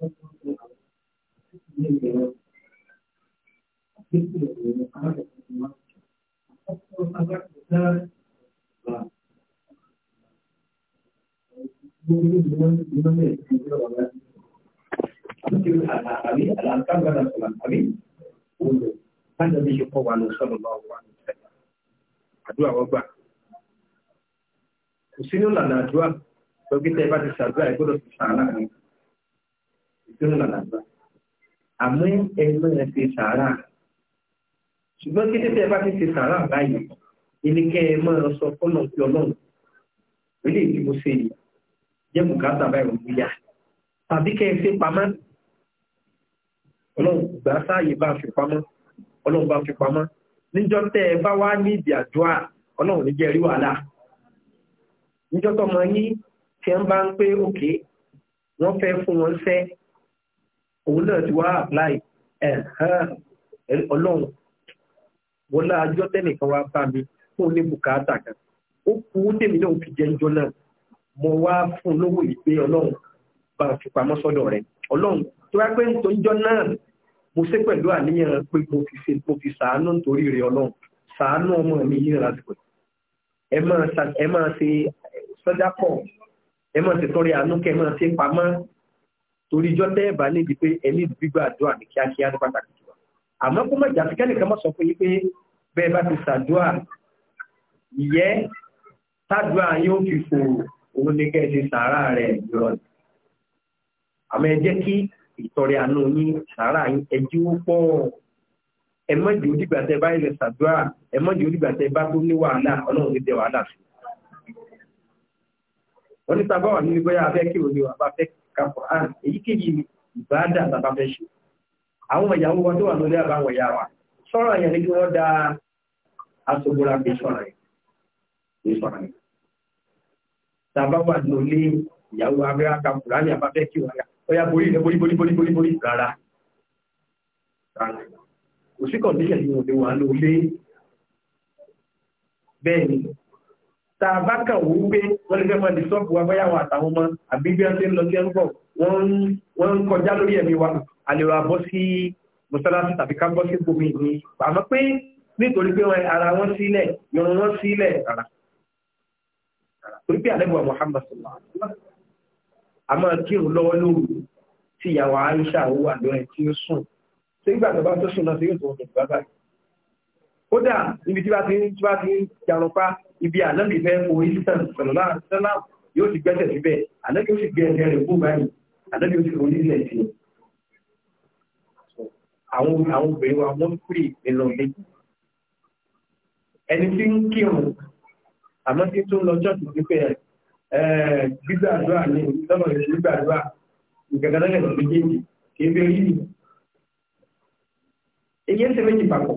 àdúrà wọ́n gbà kò sínú lànà àdúrà lọ́gbẹ́tẹ́ bá ti ṣàdúrà ìgbọ́dọ̀ ti ṣàánà ni yóò nà làdúrà àmọ́ ẹnu ẹ ti sàárà ṣùgbọ́n kété tẹ́ ẹ bá ti ti sàárà báyìí ilé kẹ́ ẹ máa sọ fọ́nà pé ọlọ́run ilé tí mo ṣe yìí jẹ́ bùkátà báyìí mo yá tàbí kẹ́ ẹ fi pamọ́ ọlọ́run gbà sáàyè bá fi pamọ́ ọlọ́run bá fi pamọ́ níjọ́ tẹ́ ẹ bá wá ní ìdí àdúrà ọlọ́run ní jẹ́ rí òun náà ti wá apply ọlọ́run wọ́n lá ajọ́ tẹ́nìkan wá bá mi fún ní bùkátà kan ó kú tèmi náà fi jẹ́ ìjọ náà mo wá fún lówó ìgbé ọlọ́run bá fi pamọ́ sọ́dọ̀ rẹ̀ ọlọ́run tó wá pé nítorí ìjọ náà mo ṣe pẹ̀lú àníyàn pé mo fi ṣe mo fi ṣàánú nítorí rẹ̀ ọlọ́run ṣàánú ọmọ mi yìí lásìkò ẹ máa ṣe sọ́jà pọ̀ ẹ máa ṣe tọrẹ àánú kẹ máa ṣe pamọ́ torí ìjọ tẹ́ẹ̀bà níbi pé ẹni gbígbà àdúrà ní kíákíá ní pàtàkì jùlọ àmọ́ kó má jàpé kẹ́nìkan má sọ fún yín pé bẹ́ẹ̀ bá ti ṣàdúrà ìyẹ́ tádùá yóò fi fò òun ní kẹ́ ẹ ṣe sàárà rẹ̀ lọ àmọ́ ẹ jẹ́ kí ìtọrẹ àánú yín sàárà yín ẹjí ó pọ̀ ẹ má jẹ́ òdìgbà tẹ bá ilẹ̀ ṣàdúrà ẹ má jẹ́ òdìgbà tẹ bá tó ní wàhálà ọlọ́run ti tẹ wàhálà sí i ní ka Quran èyíkéyìí ìbáàdà tàbá fẹ́ ṣe àwọn ìyàwó wọn tó wà lórí àbáwọn ìyá wa sọ̀rọ̀ yẹn ni kí wọ́n da aṣogbóra pé sọ̀rọ̀ yẹn pé sọ̀rọ̀ yẹn tàbá wà lórí ìyàwó abẹ́rẹ́ ka Quran àbá fẹ́ kí wọ́n yà ó yà borí rẹ̀ borí borí borí borí borí rárá kò tàbá kà wó pé wọ́n lè fẹ́ máa di sọ́ọ̀pù wa báyàwó àtàwọn ọmọ àbí bí wọ́n ti ń lọ sí ẹrúbọ̀ wọ́n ń kọjá lórí ẹ̀mí wa àlèrò àbọ́ sí mọ́sálásí tàbí ká bọ́ sí gbòmí ní àmọ́ pé nítorí pé ara wọn sílẹ̀ yọrùn wọn sílẹ̀ rárá torí pé àlẹ́bùwà Muhammad sọ̀rọ̀ a máa kírun lọ́wọ́ lóru tí ìyàwó Aisha àwọn àdúrà tí ó sùn tó ìgbà tó bá tó sùn náà sí yóò tó wọn ibi ànábì fẹ́ forí sísan pẹ̀lọ́lá sẹ́lá yóò ti gbẹ́sẹ̀ síbẹ̀ ànábì ó sì gbé ẹsẹ̀ rẹ̀ kú báyìí ànábì ó sì forí sílẹ̀ sí i. àwọn àwọn obìnrin wa wọ́n kúrì nínú ilé. ẹni tí ń kírun àmọ́ tí tó ń lọ ṣọ́ọ̀tì wípé gbígbàdúrà ní lọ́nà ìgbàdúrà ìgbàgbọ́n lẹ́yìn méjèèjì kì í bẹ́ẹ̀ rí ni. èyí ń ṣe méjì papọ̀.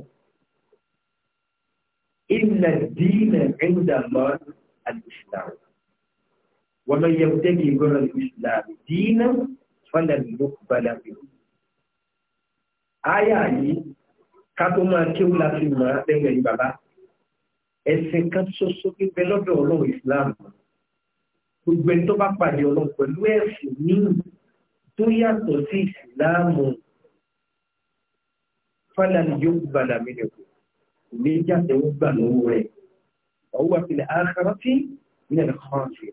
إن الدين عند الله الإسلام ومن يبتغي غير الإسلام دينا فلن يقبل منه آية yìí ká tó máa kéwú la fi mọ̀ lẹ́yìn ẹ̀yìn bàbá ẹ̀sìn kan ṣoṣo gbígbẹ lọ́dọ̀ ọlọ́run Islam gbogbo ẹni tó bá pàdé ọlọ́run pẹ̀lú ẹ̀sìn míì tó yàtọ̀ sí Islam fálàní yóò gbàdà mí nìkú ní jáde ó gbà lọ́wọ́ rẹ̀ ọwọ́ àfilẹ̀ àkàràtì ní ẹ̀rọ kan ṣe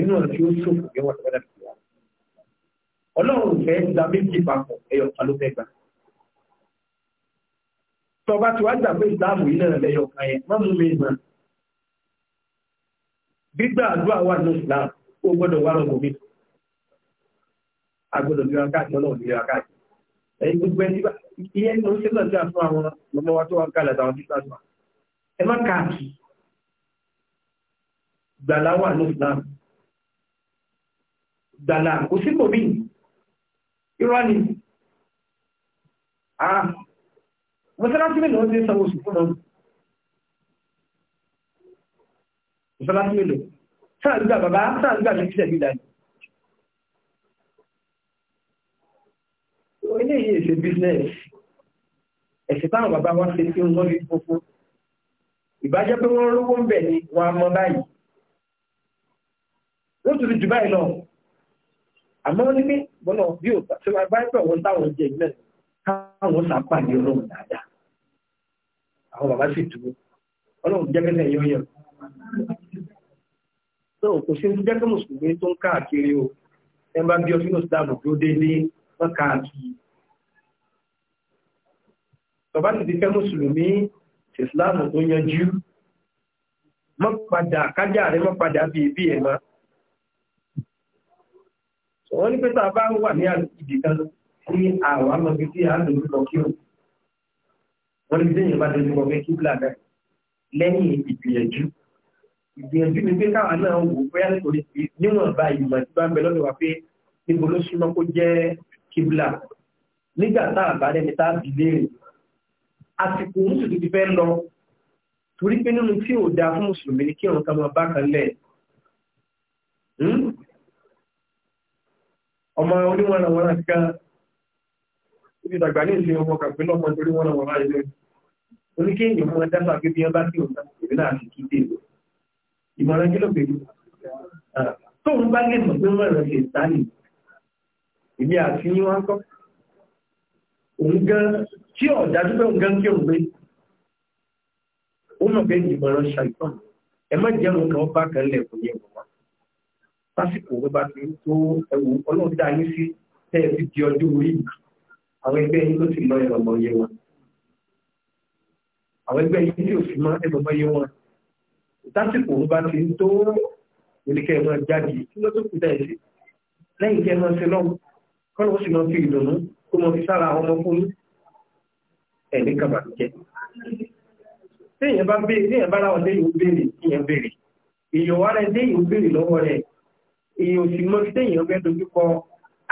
inú ọ̀rọ̀ tí ó ṣòfò yẹn wà lọ́wọ́ dàbí wa ọlọ́run fẹ́ gba méjì papọ̀ ẹyọ kan ló fẹ́ gbà tọba tí wàá gbà pé ìdáàbò yìí náà lẹ́yọ kan yẹn má mú mi mọ́ gbígbà àdúrà wà ní ìsìlámù ó gbọ́dọ̀ wà lọ́gbọ̀n mi àgbọ́dọ̀ bí wọn káàkiri ọlọ́run bí wọn káàkiri ẹ̀yìn gbogbo ẹni bá ilé ẹni oṣù náà jà fún àwọn lọ́mọ wa tó wà ń kalẹ̀ àtàwọn tí sáà sùn ẹ má káàkì gbàlá wà ní Islam gbàlá kò sí bòmí irọ́ ni ah mọ́sálásí mélòó ń sanwó oṣù fún wọn mọ́sálásí mélòó sáà ń gbà bàbá sáà ń gbà ní ìṣẹ̀lẹ̀ ìdájọ́ eléyìí èsè business ẹ̀sìn táwọn bàbá wọn ṣe tí wọ́n lè fófó ìbájẹ́ pé wọ́n rówó ń bẹ̀ ni wọ́n a mọ́ báyìí wọ́n tún jù báyìí lọ àmọ́ ní pé bọ́lá bí ò tí wọ́n bá pẹ̀ wọ́n táwọn jẹ ìgbẹ́ káwọn sàpàdé ọlọ́run dáadáa àwọn bàbá sì dúró ọlọ́run jẹ́ kẹ́sẹ̀ yọ yẹn tó kò sí jẹ́ kí mùsùlùmí tó ń káàkiri o ẹ bá bí ọtí náà sí dáàbò tó dé ní wọ́n káàkiri tọba ti fẹ́ mùsùlùmí ìsìláàmù tó yanjú mọ́padà kájà rẹ mọ́padà bí ibi ẹ̀ ma wọ́n ní pẹ́tà bá wà ní ìdí kan sí àwọn amọ̀gbé tí a lò lọ kí o wọ́n ní sẹ́yìn bá dojú kọ pé kí bùlàdà lẹ́yìn ìgbìyànjú ìgbìyànjú ni pé káwa náà wò pé àtòrí níwọ̀nba ìmọ̀ tí bá ń bẹ lọ́dọ̀ wa pé níbo ló súnmọ́ kó jẹ́ kíbla nígbà tá bá rẹ́ni tá àsìkò oúnjẹ tó ti fẹ́ lọ torí pé nínú tí ò dáa fún mùsùlùmí ní kí ọ̀run ká máa bá kan lẹ̀ hmm? ọmọ oníwọ̀nàwọ̀nà kan ó ti dàgbà ní ìlú ọmọ kàpé náà mọ́ torí wọ̀nàwọ̀nà ilé oníkéèyàn mọ́ dáta pé bí wọ́n bá sí òǹkà ìwé náà ti kí dé ìmọ̀ràn kí ló pè tóun bá lè mọ̀ pé wọ́n rẹ̀ lè sáà nì ìbí àti yín wá kọ́ òun gan-an tí ọ̀dájú bẹ́ẹ̀ ń gán kí òun gbé ó mọ̀ bẹ́ẹ̀ ìmọ̀ràn ṣàìtàn ẹ má jẹ́ òun kan bá kan lẹ̀ kò yẹ wọ́n wá lásìkò tó bá ti tó ẹwù ọlọ́run dá yín sí tẹ́ ẹ ti di ọjọ́ orí àwọn ẹgbẹ́ yín ló ti lọ ìrọ̀mọ̀ yẹ wọn àwọn ẹgbẹ́ yín tí ò fi mọ́ ẹgbọ̀mọ́ yẹ wọn lásìkò tó bá ti tó oníkẹ́ ẹ̀ máa jáde kí ló tó kù dá ẹ̀ sí lẹ́yìn kẹ́ ẹ ẹ̀ní kàbà jẹ́. Téèyàn bá béèrè, téèyàn bá ráwọn téèyàn béèrè, téèyàn béèrè. Èèyàn wá rẹ̀ téèyàn béèrè lọ́wọ́ rẹ̀. Èèyàn sì mọ́ sí téèyàn bẹ́ẹ̀ dojú kọ.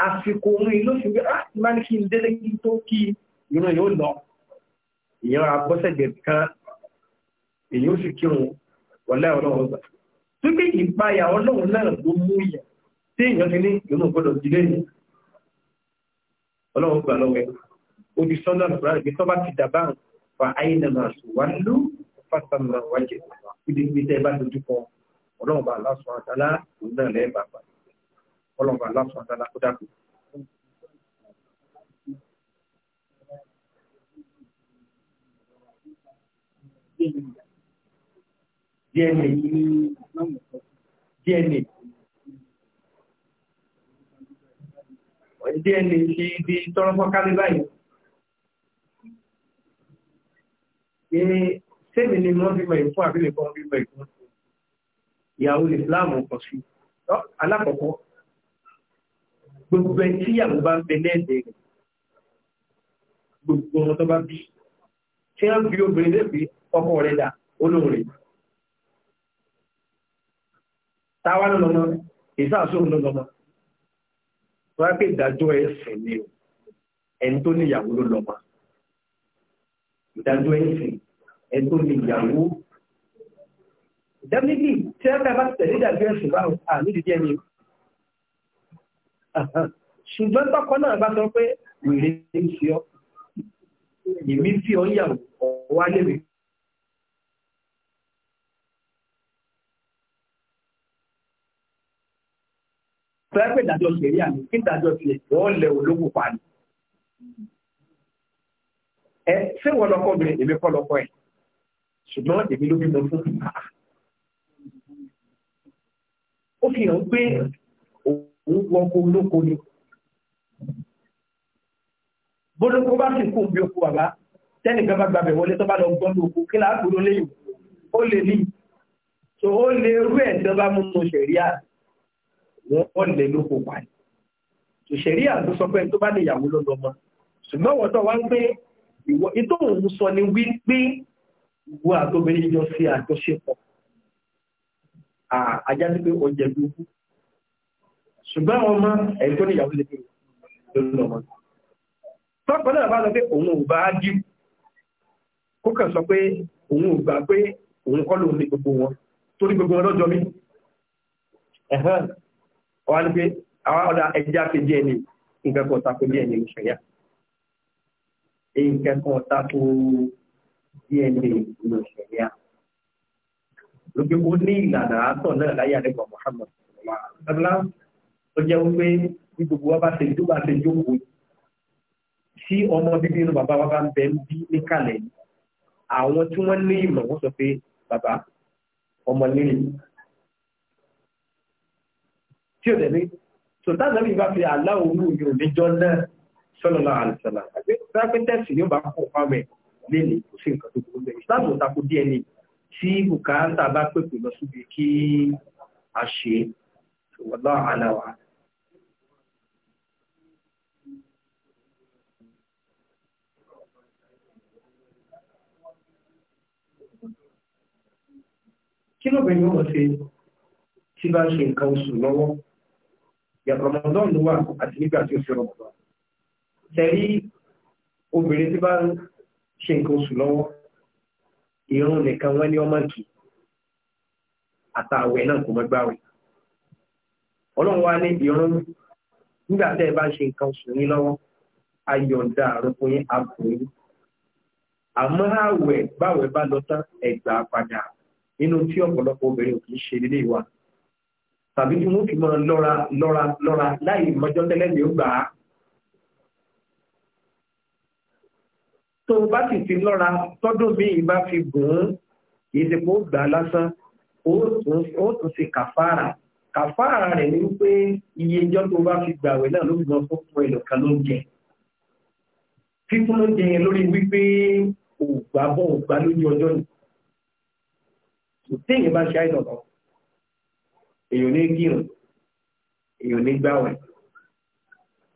Àsìkò ohun ìlú sì gbé, "Ah, máa ní kí n délé kí n tó kí irun yóò lọ." Èèyàn á bọ́sẹ̀gbẹ̀ kan, èèyàn ó sì kírun wọlé ọlọ́run gbà. Tókè ìpayà ọlọ́run náà ló mú yẹn. Téèyàn ti ní ìrún gbọ́dọ̀ dílé ni. Ọlọ́run odi sọ́nà lọ́rọ̀ rẹ̀ tó bá ti dàbà fa àyínà máa sùn wá lù fásitì máa wájẹ ibi ibi tẹ́ ẹ bá dojú kọ ọlọ́run bá aláṣọ àtàlá òun náà lẹ́ẹ̀ bá bá ọlọ́run bá aláṣọ àtàlá kó dàkú. DNA DNA DNA ti di tọrọ fọ kálí ìní sẹ́mi ni wọ́n bímọ ìfún àbílẹ̀ kan bímọ ìfún ìyàwó Islam kọ̀ sí alákọ̀ọ́kọ́ gbogbo ẹ̀ tí ìyàwó bá ń bẹ lẹ́ẹ̀dẹ̀ rẹ̀ gbogbo ọmọ tó bá bí tí wọ́n bí obìnrin lẹ́bi ọkọ rẹ̀ dà olóhùn rẹ̀ táwa ló lọ́mọ ìsáàsóhùn ló lọ́mọ wọ́n á pè ìdájọ́ ẹ̀sìn ni o ẹni tó níyàwó ló lọ́mọ ìdájọ́ ẹ̀sìn ẹ̀tọ́ ni ìyàwó definitely tí ẹ bá tẹ̀lé dàbí ẹ̀sùn bá à nídìí díẹ̀ ni ṣùgbọ́n tọkọ náà bá sọ pé wèrè ń fi ọ èmi fi ọ yà ọwọ́ alẹ́ mi pẹ́ẹ́pẹ́ ìdájọ́ ṣẹ̀rí àmì kí ìdájọ́ ti wọ́n lẹ ológun pa ni. ẹ ṣé wọ́n lọ́kọ́ obìnrin èmi kọ́ lọ́kọ́ ẹ̀ ṣùgbọ́n èmi ló bímọ fún ó fi hàn pé òun wọkọ olóko ni bólókó bá sì kú bí oko bàbá tẹ́nìkan bá gbàbẹ̀ wọlé tó bá lọ gbọ́n ní oko kí láàpù ló léyìn ó lè ní so ó lè rú ẹ̀sẹ̀ bá mú mu ṣẹ̀ríà wọ́n lè lóko pa ni so ṣẹ̀ríà tó sọ pé tó bá lè yàwó lọ́dọ̀ ọmọ ṣùgbọ́n wọ́n tó wá ń pé ìtò òun sọ ni wí pé gbogbo àtọ́bẹ̀rẹ̀ jọ sí àjọṣepọ̀ ajá sí pé ọjẹ́ gbogbo ṣùgbọ́n àwọn ọmọ ẹ̀tọ́ ní ìyàwó lẹ́gbẹ̀ẹ́ lórí ọmọ tọ́pọ̀ náà bá sọ pé òun ò bá dí kó kàn sọ pé òun ò gbà pé òun kọ́ lòun ní gbogbo wọn torí gbogbo wọn lọ́jọ́ mi ẹ̀hán ọ̀hán ni pé àwọn ọ̀dà ẹja kejì ẹni nǹkan kan ta kó bí ẹni ìṣẹ̀yà nǹkan kan ta kó DNA nínú ìṣẹ̀lẹ̀ à. lókè ó ní ìlànà àtọ̀ Muhammad ṣọlá ó jẹ́ wípé bí gbogbo wa bá ṣe tó bá ṣe jókòó tí ọmọ bíbí inú bàbá wa bá ń bẹ ń bí níkàlẹ̀ yìí àwọn tí wọ́n ní ìmọ̀ wọ́n sọ pé bàbá ọmọ líle tí ó dẹ̀mí sultan nabi bá fi aláwòrú yòó níjọ náà sọlọ́lá àlùsọ̀lá àti sáfẹ́tẹ̀sì ni ó bá kó pamẹ́ lẹ́nìí kò sí nǹkan tó burú bẹ́ẹ̀ ìsìláàmù tako DNA tí bùkátà bá pèpè lọ síbi kí a ṣe wọ́lá aláwà. kí lóbìnrin yóò ṣe tí bá ń ṣe nǹkan oṣù lọ́wọ́ Ramadan ló wà àti nígbà tí ó fi Ramadan tẹ̀lé obìnrin tí bá ń ṣe nǹkan oṣù lọ́wọ́ irun nìkan wọ́n ní ọmọ kì àtàwẹ̀ náà kò mọ́ irun nígbà tẹ́ ẹ bá ń ṣe nǹkan oṣù yín lọ́wọ́ ayọ̀ǹda àrùnkù yín àbùkù àmọ́ àwẹ̀ báwẹ̀ bá lọ tán ẹ̀gbà padà nínú tí ọ̀pọ̀lọpọ̀ obìnrin ò kì í ṣe nílé wa tàbí tí wọ́n fi tó bá sì ti lọ́ra tọ́dún mi ìbá fi gùn ún kì í ṣe pé ó gbà lásán ó tún ṣe kàfàrà kàfàrà rẹ̀ ni wípé iye ìjọ tó bá fi gbàwẹ̀ náà ló fi gan fún fún ẹnìkan ló ń jẹ fífún ló ń jẹ yẹn lórí wípé ògbà bọ̀ ògbà lójú ọjọ́ ni kò téèyàn bá ṣe àìsàn kan ní gírun èèyàn ní gbàwẹ̀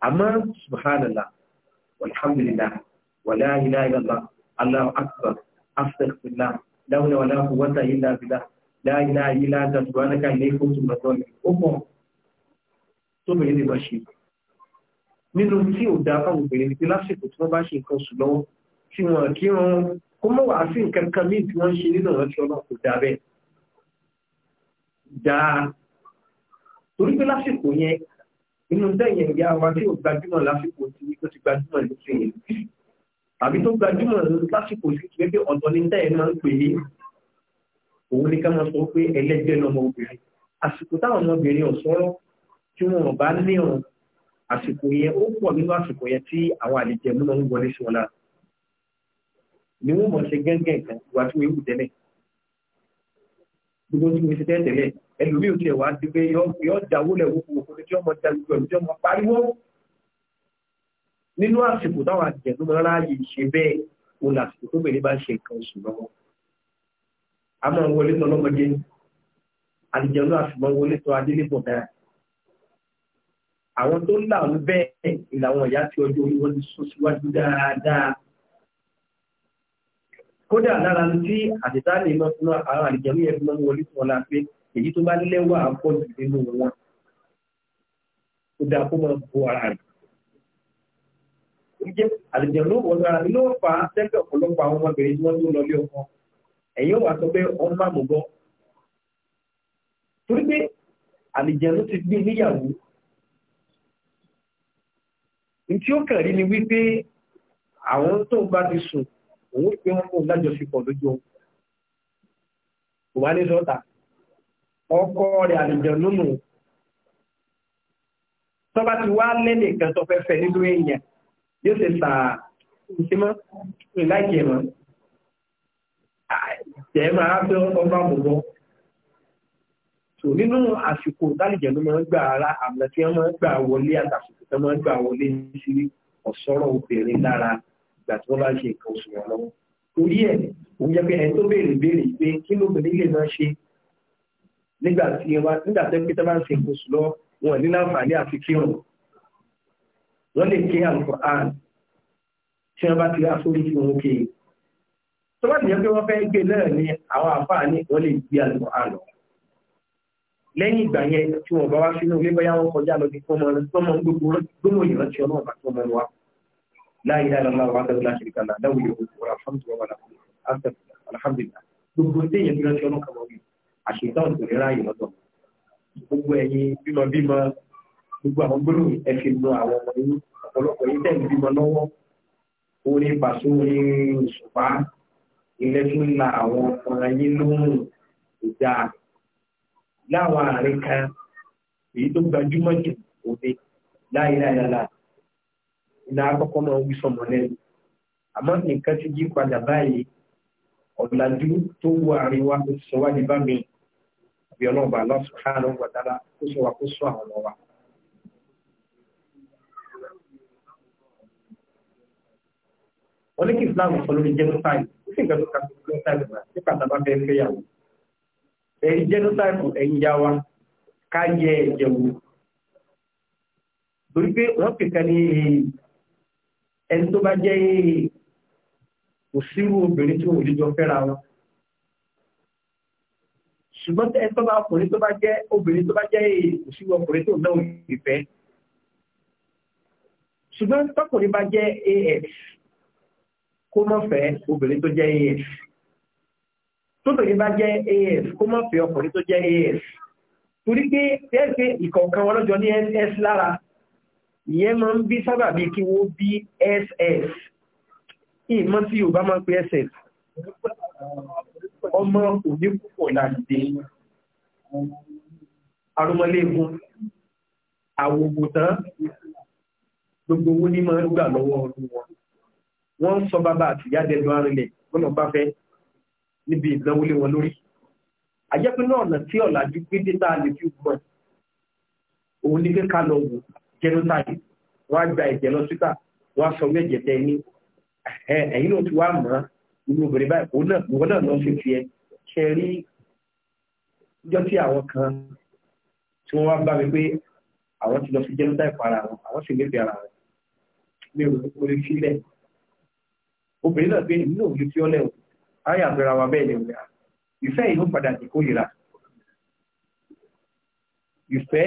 àmọ́ subhanallah walhamdulillah ولا إله إلا الله الله أكبر أستغفر الله لا حول ولا قوة إلا بالله لا إله إلا أنت سبحانك إليك كنت ظالمين ọmọ tóbìnrin lè lọ ṣe nínú tí ò dáa fáwọn obìnrin ni pé lásìkò tí wọ́n bá ṣe nǹkan oṣù lọ́wọ́ tí wọ́n kí wọ́n kó mọ̀ wá sí nǹkan kan míì tí wọ́n ṣe nínú ọ̀rọ̀ tí ọlọ́run kò dáa bẹ́ẹ̀ dáa torí pé lásìkò yẹn inú dẹ́yìn ìyá wa tí ò gbajúmọ̀ lásìkò tí ó ti gbajúmọ̀ àbí tó gbajúmọ̀ lásìkò sí pé pé ọ̀tọ̀ ní tẹ́ ẹ̀ máa ń pè é òun ní ká máa sọ pé ẹlẹ́gbẹ́ lọmọbìnrin àsìkò táwọn ọmọbìnrin ọ̀sọ́rọ̀ tí wọn bá ní ọ̀n àsìkò yẹn ó pọ̀ nínú àsìkò yẹn tí àwọn àlejò múná ń wọlé sí wọn lára ni wọn mọ̀ ṣe gẹ́gẹ́ kan ìwà tí wọ́n wù tẹ́lẹ̀ gbogbo tí mo ṣe tẹ́tẹ̀lẹ̀ ẹlòmíì ò tiẹ̀ wá sí pé yọ dáwó lẹ̀ wọ́pọ̀ òfin tí ọmọ dá gbogbo ẹ̀ nínú àsìkò táwọn àjẹ̀dún máa ráàyè ṣe bẹ́ẹ̀ o làsìkò tó bẹ̀rẹ̀ bá ṣe nǹkan oṣù lọ́wọ́ a máa ń wọlé tán lọ́mọdé àjẹ̀dún àti máa ń wọlé tán adélébọ̀ náà àwọn tó ń làwọn bẹ́ẹ̀ ìlàwọn ìyá tí ọjọ́ orí wọn ti sún síwájú dáadáa kódà lára tí àtìtáàlì máa fún àwọn àjẹ̀dún yẹn fi máa wọlé tán la pé èyí tó bá lẹ́wà pọ̀ jù nínú wọn ó kó máa bo ara rẹ̀ jíjẹ́ àlùjẹ̀nú ọ̀nà ló fà á tẹ́lẹ̀ ọ̀pọ̀lọpọ̀ àwọn ọmọbìnrin tí wọ́n tó lọ lé ọkọ ẹ̀yin ò wá sọ pé ọ̀n má mú bọ́ torí pé àlùjẹ̀nú ti gbé níyàwó ní ó kàn rí ni wípé àwọn tó ń bá ti sùn òun pé wọn fún lájọṣepọ̀ lójú ohun kò wá ní sọ́ta ọkọ rẹ̀ nù tọ́ba ti wá lẹ́nìkan tó fẹ́ fẹ́ nínú èèyàn yóò ṣe sà ìṣímọ́ ní láìkí ẹ̀mọ́ jẹ́ máa fẹ́ ọba bọ̀bọ̀ tò nínú àsìkò dálìjẹ̀ ló máa ń gbà ara àmì tí wọ́n máa ń gbà wọlé àtàkùn tí wọ́n máa ń gbà wọlé sí ọ̀sọ́rọ̀ obìnrin lára ìgbà tí wọ́n bá ṣe nǹkan oṣù wọn lọ́wọ́ torí ẹ̀ òun jẹ́ pé ẹni tó béèrè béèrè pé kí lóbìnrin lè máa ṣe nígbà tí wọ́n nígbà tó ń bá ń ṣe nǹkan oṣù lọ́wọ́ wọn ní láǹfààní àfikírun lọ́lè ké alukur'an tí wọ́n bá ti rá sórí tí wọ́n ké tó bá ti yẹ pé wọ́n fẹ́ gbé náà ní àwọn àfáà ní lọ́lè gbé alukur'an lọ lẹ́yìn ìgbà yẹn tí wọ́n bá wá sínú ilé bóyá wọ́n kọjá lọ bí fọ́mọ tọ́mọ gbogbo gbogbo ìrántí ọlọ́run bá tọ́mọ wa láyé aláàlá wa gbogbo àwọn gbólóhùn ẹ fi lo àwọn ọmọ yín ọ̀pọ̀lọpọ̀ yín tẹ̀ ń bímọ lọ́wọ́ orin pàṣẹ orin òṣùpá ilẹ̀ tún la àwọn ọmọ yín lóhùn ìjà láwọn àárín kan èyí tó gbajúmọ̀ jù òde láìláìláìlá ìlà àkọ́kọ́ máa ń wí sọmọ lẹ́nu àmọ́ nǹkan ti yí padà báyìí ọ̀làjú tó wọ àríwá tó sọ wá ní bá mi àbí ọlọ́ọ̀bà lọ́sùn káàlọ́ wọ̀dára kó sọ wa kó sọ àwọn ọ̀rọ̀ wa. oníkì islam sọ lórí genocide ó sì gbẹdọ kàtó genocide náà tí kàtàbà fẹẹ fẹyàwó ẹ̀yin genocide ẹ̀yin yá wa ká yẹ ẹ̀jẹ̀ wò torí pé wọn kìkan ní ẹni tó bá jẹ kò sírú obìnrin tí wọn ò lè jọ fẹ́ra wọn ṣùgbọ́n ẹni tó bá ọkùnrin tó bá jẹ́ obìnrin tó bá jẹ́ kò ọkùnrin tó náà ìfẹ́ ṣùgbọ́n tọkùnrin bá jẹ́ AF kó má fẹ́ obìnrin tó jẹ́ AF tóbìnrin bá jẹ́ AF kó má fẹ́ ọkùnrin tó jẹ́ AF torí pé tẹ́ẹ̀kẹ́ ìkọ̀ọ̀kan wọn lọ́jọ́ ní SS lára ìyẹn máa ń bí sábà bí kí wọ́n bí SS ìmọ̀ tí Yorùbá máa ń pè SS ọmọ òní púpọ̀ láti arúmọléegun àwògùn tán gbogbo owó ní máa ń gbà lọ́wọ́ ọdún wọn wọ́n ń sọ bàbá àti ìyá dẹ̀dọ̀ arìnlẹ̀ gbọ́nà bá fẹ́ níbi ìdánwòlé wọn lórí àjẹpẹ́ náà ọ̀nà tí ọ̀làjú gbédé tá a lè fi gbọ́n òun ní kí ká lọ wò genotype wọ́n á gba ẹ̀jẹ̀ lọ síta wọ́n á sọ wí ẹ̀jẹ̀ tẹ ní ẹ̀yìn náà ti wá mọ́ inú obìnrin báyìí òun náà lọ sí tiẹ̀ ṣe rí ọjọ́ tí àwọn kan tí wọ́n wá bá mi pé àwọn ti lọ sí genotype ara wọn àwọn sì nífẹ̀ẹ́ ara wọn mi ò lè fi lẹ́yìn obìnrin náà pé èmi náà yóò kí ọ lẹ́wọ̀ ayé àbẹ̀rẹ̀ wa bẹ́ẹ̀ lẹ́wọ̀ yà ìfẹ́ yìí ló padà sí kórìíra ìfẹ́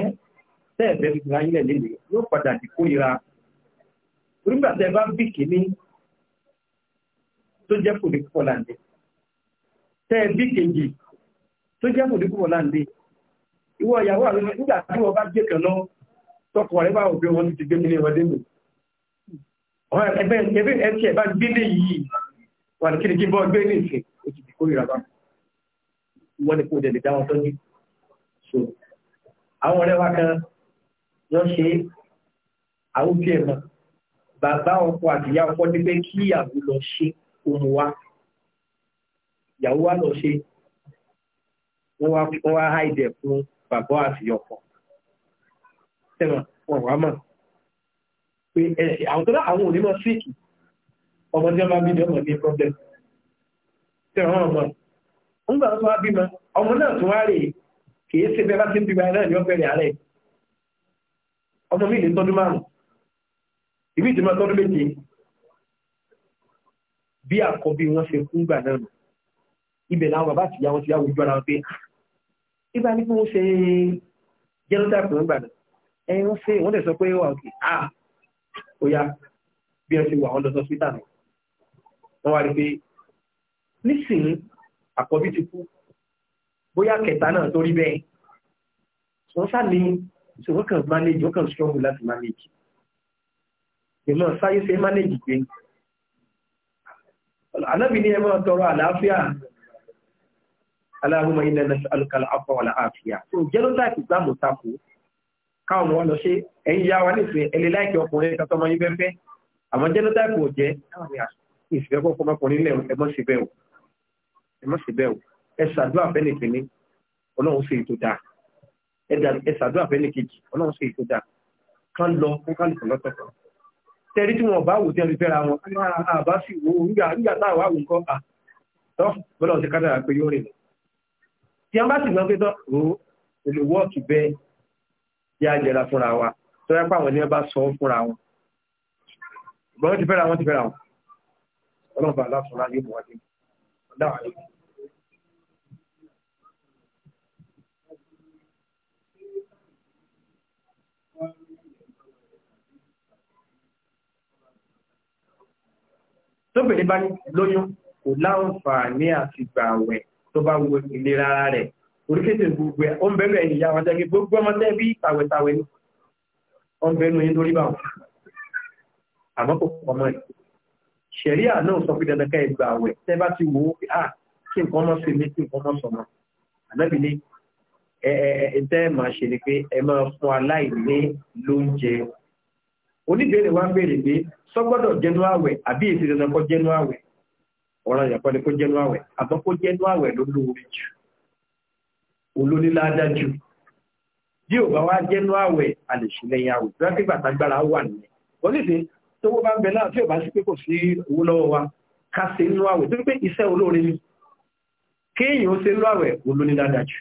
tẹ́ẹ̀fẹ́ fi ra ilẹ̀ lélẹ̀ yóò padà sí kórìíra nígbà tẹ́ bá bí kìíní tó jẹ́ kò ní púpọ̀ láǹdé tẹ́ bí kejì tó jẹ́ kò ní púpọ̀ láǹdé ìwọ ìyàwó àwọn nígbà tí wọ́n bá gbé kan lọ tọkọ rẹ bá òbí wọn ti gbé mi ní ọdẹ mi ẹgbẹ́ ẹ̀tí ẹ̀bá gbélé yìí wà ní kíni kí bọ́ gbé ní ìfẹ́ òjì kó ìràbá wọ́n ni kó dẹ̀ lè dá wọn tọ́jú so àwọn ọ̀rẹ́ wa kan yọ ṣe àwùjọ ẹ̀ mọ́ bàbá ọkọ àti ìyá ọkọ ní pé kí ìyàwó lọ ṣe ohun wa ìyàwó wa lọ ṣe wọ́n wá háìdẹ̀ fún bàbá àti ọkọ tẹ̀wọ̀n wọ́n wá mọ̀ pé ẹ̀ àwọn tó dá àwọn onímọ̀ síkì ọmọ tí wọ́n bá bídẹ̀ ọmọ ní problem tẹ̀wọ́n ọmọ ń gbà tó wá bímọ ọmọ náà tó wá rè kìí ṣe bẹ́ẹ̀ bá ti ń bímọ náà ní ọ̀bẹ̀rẹ̀ ààrẹ ọmọ mi lè tọ́dún márùn ìbí ìjọba tọ́dún méje bí àkọ́bí wọn ṣe fún gbà náà ibẹ̀ làwọn bàbá àtìyá wọn ti yá ojú ara wọn pé ah, ibà ní kí wọ́n ṣe genotype wọn gbà náà ẹ̀yìn wọ́n ṣe wọ́n dẹ̀ sọ pé ah ó yá bí wọ́n ṣe wà wọ́n lọ sọ́sítà nù wọ́n wá rí pé nísìnyí àkọ́bí ti kú bóyá kẹta náà tó rí bẹ́ẹ̀ wọ́n sá ní ṣùgbọ́n kan manage wọ́n kan struggle láti manage ìmọ̀ sáyé ṣe manage gbé anábì ní ẹmọ́ tọrọ àlàáfíà aláhùnmọ̀ ilẹ̀ nas'aluka al-afwa wal-afiya so genotype ìgbàmù tako káwọn ọmọ wa lọ ṣe ẹ̀yin yá wa nífẹ̀ẹ́ ẹni láìkí ọkùnrin kan tọmọ yín fẹ́fẹ́ àmọ́ jẹ́nọ́tàìpù ò jẹ́ ìfẹ́ kọ́kọ́ ọmọkùnrin lẹ̀ ẹ mọ́ sí bẹ́ẹ̀ o ẹ o ẹ ṣàdúrà fẹ́ nìkíní ọlọ́run sì tó dáa ẹ ṣàdúrà fẹ́ nìkejì ọlọ́run sì tó dáa kán lọ fún kálukú lọ́tọ̀ọ̀tọ̀ tẹ́rí tí wọn bá wò tẹ́rí fẹ́ra wọn àbá ah, ah, ah, sì wò ó nígbà nígbà táwọn àwọn nǹkan à tọ́ bọ́lá ọ̀sẹ̀ kádàrà pé yóò rìn tí wọn bá sì gbọ́n pé tọ́ ò lè wọ́ọ̀kì bẹ́ẹ̀ yá jẹra fúnra wa tó yẹ pàwọn ní ọba sọ fúnra wọn ṣùgbọ́n ti fẹ́ra wọn ti fẹ́ra wọn ọlọ́run bá aláṣọ láyé mọ̀ wájú dáwà yìí. tóbìnrin bá lóyún kò láǹfààní àti gbààwẹ̀ tó bá wo ìlera rẹ̀ oríkèsè gbogbo ẹ̀ ó ń bẹ̀rẹ̀ ẹ̀yìn ìyá wọn jẹ́ gbogbo ọmọ tẹ́ bí tàwẹ̀tàwẹ̀ ní ó ń bẹ̀rẹ̀ ẹ̀yìn lórí bá wọn àmọ́ kò pọ̀mọ́ ẹ̀ ṣẹ̀rí àná sọ pé dandan ká ẹ gbà wẹ̀ tẹ́ bá ti wò ó pé ah kí nǹkan ọmọ sí mi kí nǹkan ọmọ sọmọ ànábì ní ẹ ẹ tẹ́ máa ṣe ni pé ẹ máa fún aláìní lóúnjẹ oníbèrè wa béèrè pé sọ́gbọ́dọ̀ jẹnu àwẹ̀ àbí èsì dandan kọ́ jẹnu àwẹ̀ ọ̀ràn ìyàpọ̀ ni kó jẹnu àwẹ̀ àbọ̀ kó jẹnu àwẹ̀ ló lóore jù olóníládájú bí ò bá wá jẹ́nú àwẹ̀ a lè ṣe lẹ́yìn àwẹ̀ tó rákìgbà tágbára wà nìyẹn oníṣe tówó bá ń bẹ náà tí ò bá sí pé kò sí owó lọ́wọ́ wa ká ṣe nínú àwẹ̀ tó pé iṣẹ́ olóore ni kéèyàn ó ṣe nínú àwẹ̀ olóníládájú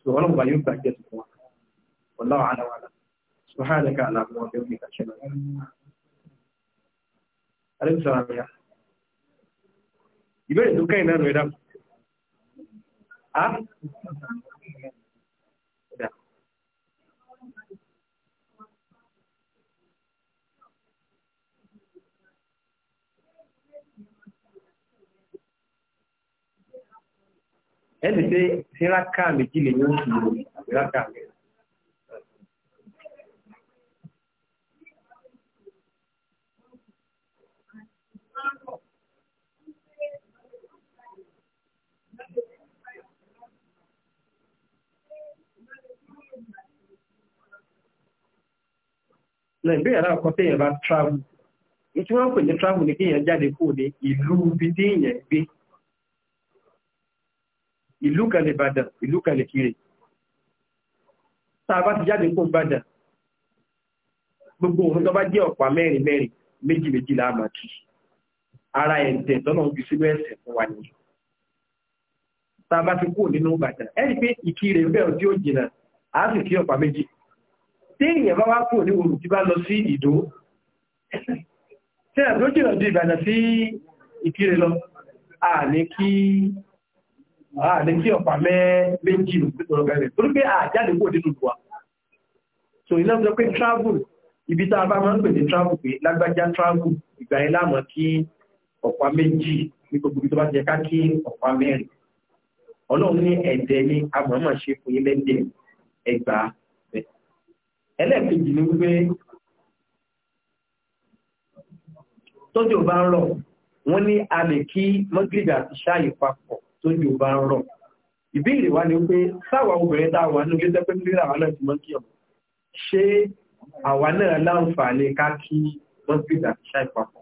sọ ọlọ́run bá yóò gbàgbé tó fún wa ọlọ́run àdáwàlá سبحانك اللهم ìbéèrè tó kẹ́yìn náà rẹ̀ dáàbò Ha? Udah. Ẹni pé síráká méjì lè ní oṣù nàìjíríà náà kọ́ téèyàn bá travel ní tí wọ́n pè ní travel ni kéèyàn jáde kúrò ní ìlú ibi téèyàn gbé ìlú kan lè bàdàn ìlú kan lè kiri tá a bá ti jáde kó bàdàn gbogbo òun tó bá jẹ́ ọ̀pá mẹ́rin mẹ́rin méjì méjì láàmà kì ara ẹ̀ǹtẹ̀ tọ́nà ń fi sínú ẹ̀sẹ̀ fún wa nìyí tá a bá ti kúrò nínú bàdàn ẹ̀rí pé ìkiri bẹ́ẹ̀ tí ó jìnnà á sì kí ọ̀pá méjì tí èèyàn bá wá kúrò ní orù tí bá lọ sí ìdó tí àdó jìnà ju ìbàdàn sí ìkirè lọ àní kí ọ̀pá méjì lòpínlẹ̀ torí pé àjáde kúrò nínú ìwà so iná sọ pé travel ibi tá a bá máa ń travel pé lágbájá travel ìgbà yẹn láàmọ́ kí ọ̀pá méjì ní gbogbo ibi tó bá jẹ ká kí ọ̀pá mẹ́rin ọlọ́run ní ẹ̀dẹ̀ ní amọ̀ọ́mọ̀ ṣe fún yín lẹ́dẹ̀ ẹgbàá ẹlẹ́ẹ̀kejì ni wípé tójò bá ń rọ̀ wọ́n ní a lè kí mọ́gìrìbì àti ṣáàyè papọ̀ tójò bá ń rọ̀ ìbéèrè wa ni wípé sáwà obìnrin tá a wà nílé tẹ́pẹ́ nílé àwa náà ti mọ́ kí ọ̀hún ṣé àwa náà láǹfààní ká kí mọ́gìrìbì àti ṣáàyè papọ̀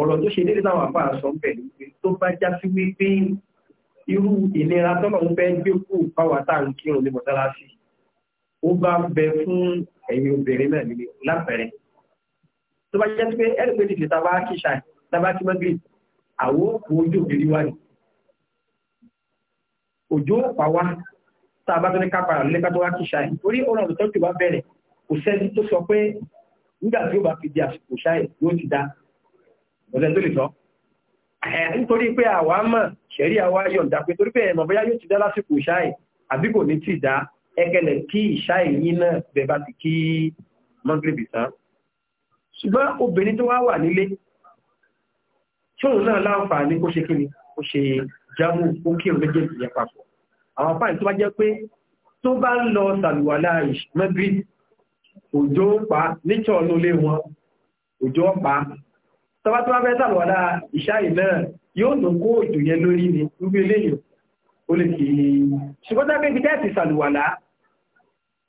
ọ̀rọ̀ tó ṣe déédéé táwọn àbá àṣọ ń bẹ̀ ni pé tó bá já sí wípé irú ìnira tọ́lọ̀ ń fẹ́ gbé kú fáwọn táà ń kírun ní mọ̀tálásí ó bá ń bẹ fún ẹ̀yin obìnrin náà nílé lápẹẹrẹ tó bá jẹ́ pé ẹ̀rì pé nìkì tá a bá kíṣà tá a bá kí mọ́gìrì àwo kò ojú òbírí wá ní òjò pàwá tá a bá tó ní ká padà lẹ́ka tó wá kíṣà yìí torí ọ̀rọ̀ ọ̀dọ̀ tó bá bẹ̀rẹ̀ kò sẹ́ni tó sọ pé nígbà tí ó bá fi di àsìkò ṣáì yóò ti dá ọ̀sẹ̀ tó lè sọ nítorí pé àwa mọ̀ ṣẹ̀rí àwa yọ̀ǹda pé torí pé ẹ̀mọ̀ bóyá yóò ti dá lásìkò ṣáì àbí kò ní ti dá ẹkẹlẹ̀ kí ìṣá ẹ̀yìn náà bẹ̀ bá ti kí mọ́gírìbì tán ṣùgbọ́n obìnrin tó wá wà nílé tí òun náà láǹfààní kó ṣe kí ni kó ṣe jámù ó kí òun méjèèjì yẹn papọ̀ àwọn fáìn tó bá jẹ́ pé tó bá ń lọ sàlùwàlá mọ́gírìbì òjò pa níṣọ́ lólé wọn òjò pa tọ́bá tó bá fẹ́ sàlùwàlá ìṣá yìí náà yóò tó kó òjò ni rúbí eléyìí ó lè kì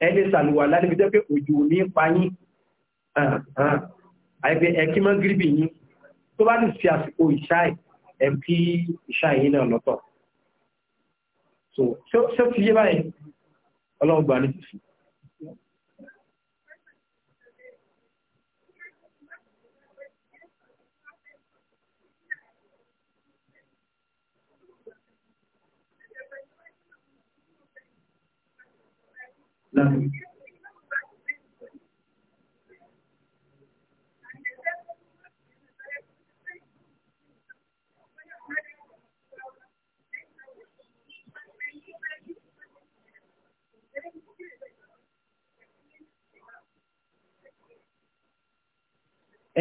ẹni sàlùwà láti fi jẹ́ pé òjò ní pa yín àìpé ẹkí mọ́ gíríbì yín tó bá lè fi àsìkò ìṣáì ẹ̀kí ìṣáì yín náà lọ́tọ̀ so ṣé ó ti yé báyìí ọlọ́run gbà ní tìsí láàrin.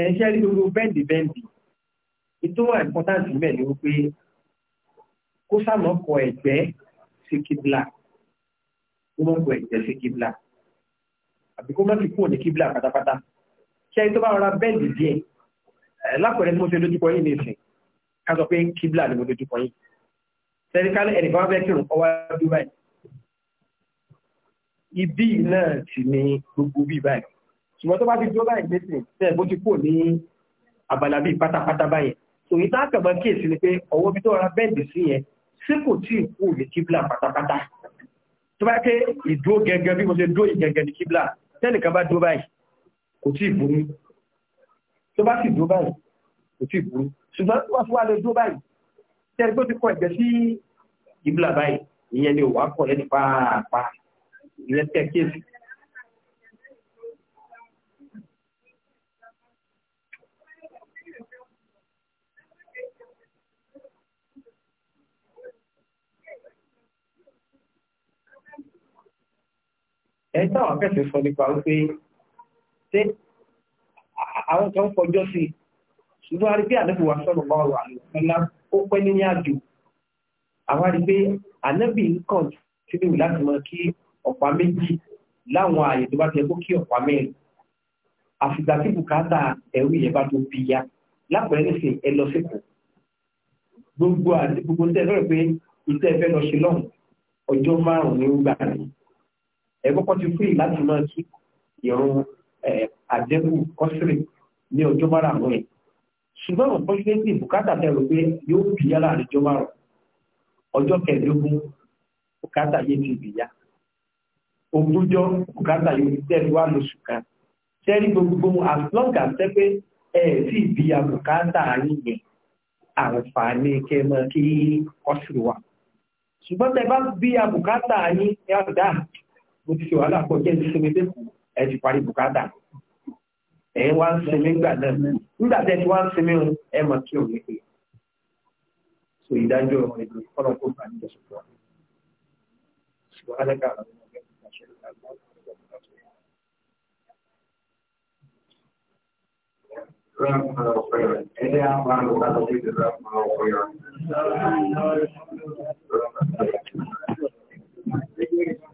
ẹ̀ṣẹ́ rí gbogbo bẹ́ǹdì bẹ́ǹdì ìtò wà important bẹ́ẹ̀ ni wípé kó sàmọ́kọ ẹ̀gbẹ́ sí kìbìlà ó mọ̀ kó ẹ̀jẹ̀ sí kíbla àbí kó má fi kúrò ní kíbla pátápátá ṣé ẹni tó bá rọra bẹ́ẹ̀lì díẹ̀ lápẹ̀rẹ̀ tí mo ṣe dojúkọ yìí nìsín ká sọ pé kíbla ni mo dojúkọ yìí sẹ́ríkálẹ̀ ẹnìkan wá fẹ́ kírun ọwá dúbà yìí ibi náà sì ni gbogbo bíi báyìí ṣùgbọ́n tó bá ti dúró báyìí nìsín tẹ́ bó ti kúrò ní abala bíi pátápátá báyìí òyìn tá a kàn tó bá pé ìdúró gẹ́gẹ́ bí mo ṣe dúró ìgẹ́gẹ́ ní kíblà tẹ́nìkan bá dúró báyìí kò tí ì burú tó bá sì dúró báyìí kò tí ì burú ṣùgbọ́n wọ́n fún wa lè dúró báyìí tẹ́ni tó ti kọ ẹ̀jẹ̀ sí kíblà báyìí ìyẹn ni òwà kọ̀ lẹ́nu pàápàá ìyẹn tẹ́ ẹni táwọn akẹ́sẹ̀ sọ nípa wípé ṣé àwọn kan fọjọ́ sí ṣùgbọ́n a rí pé ànábì wa sọ̀rọ̀ bá ọ̀rọ̀ àlùfẹ́lá ó pẹ́ ní àjò àwọn rí pé ànábì ń kàn síbí wù láti mọ kí ọ̀pá méjì láwọn ààyè tó bá ti ẹkọ́ kí ọ̀pá mẹ́rin àfìgbà tí bùkátà ẹ̀rú ìyẹn bá tó bí ya lápẹ̀rẹ́ nísìn ẹ lọ sípò gbogbo àti gbogbo ń tẹ́ lọ́rọ̀ pé ìtẹ́ fẹ́ lọ ṣe lọ́hùn ọjọ́ márùn-ún ní ó gbà ní ẹgbọ́kọ́ ti fún ìlànà máa kí ìrún àdẹ́kù kọ́sìrì ní ọjọ́ mara àwọn ẹ̀ ṣùgbọ́n unfortunately bùkátà tẹ̀rù pé yóò bìyà láàrin ọjọ́ márùn ọjọ́ kẹẹ̀ẹ́dógún bùkátà yé ti bìyà ogúnjọ́ bùkátà yóò ti tẹ̀lé wà lóṣù kan tẹ́rí gbogbo as long as ẹ pé ẹ sì bìyà bùkátà yín yẹn àǹfààní kẹmọ kí kọ́sìrì wà ṣùgbọ́n tẹ bá bìyà bùkátà yín mo ti ṣe wàhálà pọ̀ jẹ́ ìsinmi lẹ́kọ̀ọ́ ẹ ti parí bùkátà ẹ wá ń sinmi ńgbà náà nígbà tẹ́ ti wá ń sinmi ẹ mọ̀ tí ò ní pè so ìdájọ́ ẹ̀dùn kọ́nà kó fà ní ìjọsìn fún wa. سبحانك اللهم رحمة الله خيرا. إذا أمر الله رحمة الله خيرا.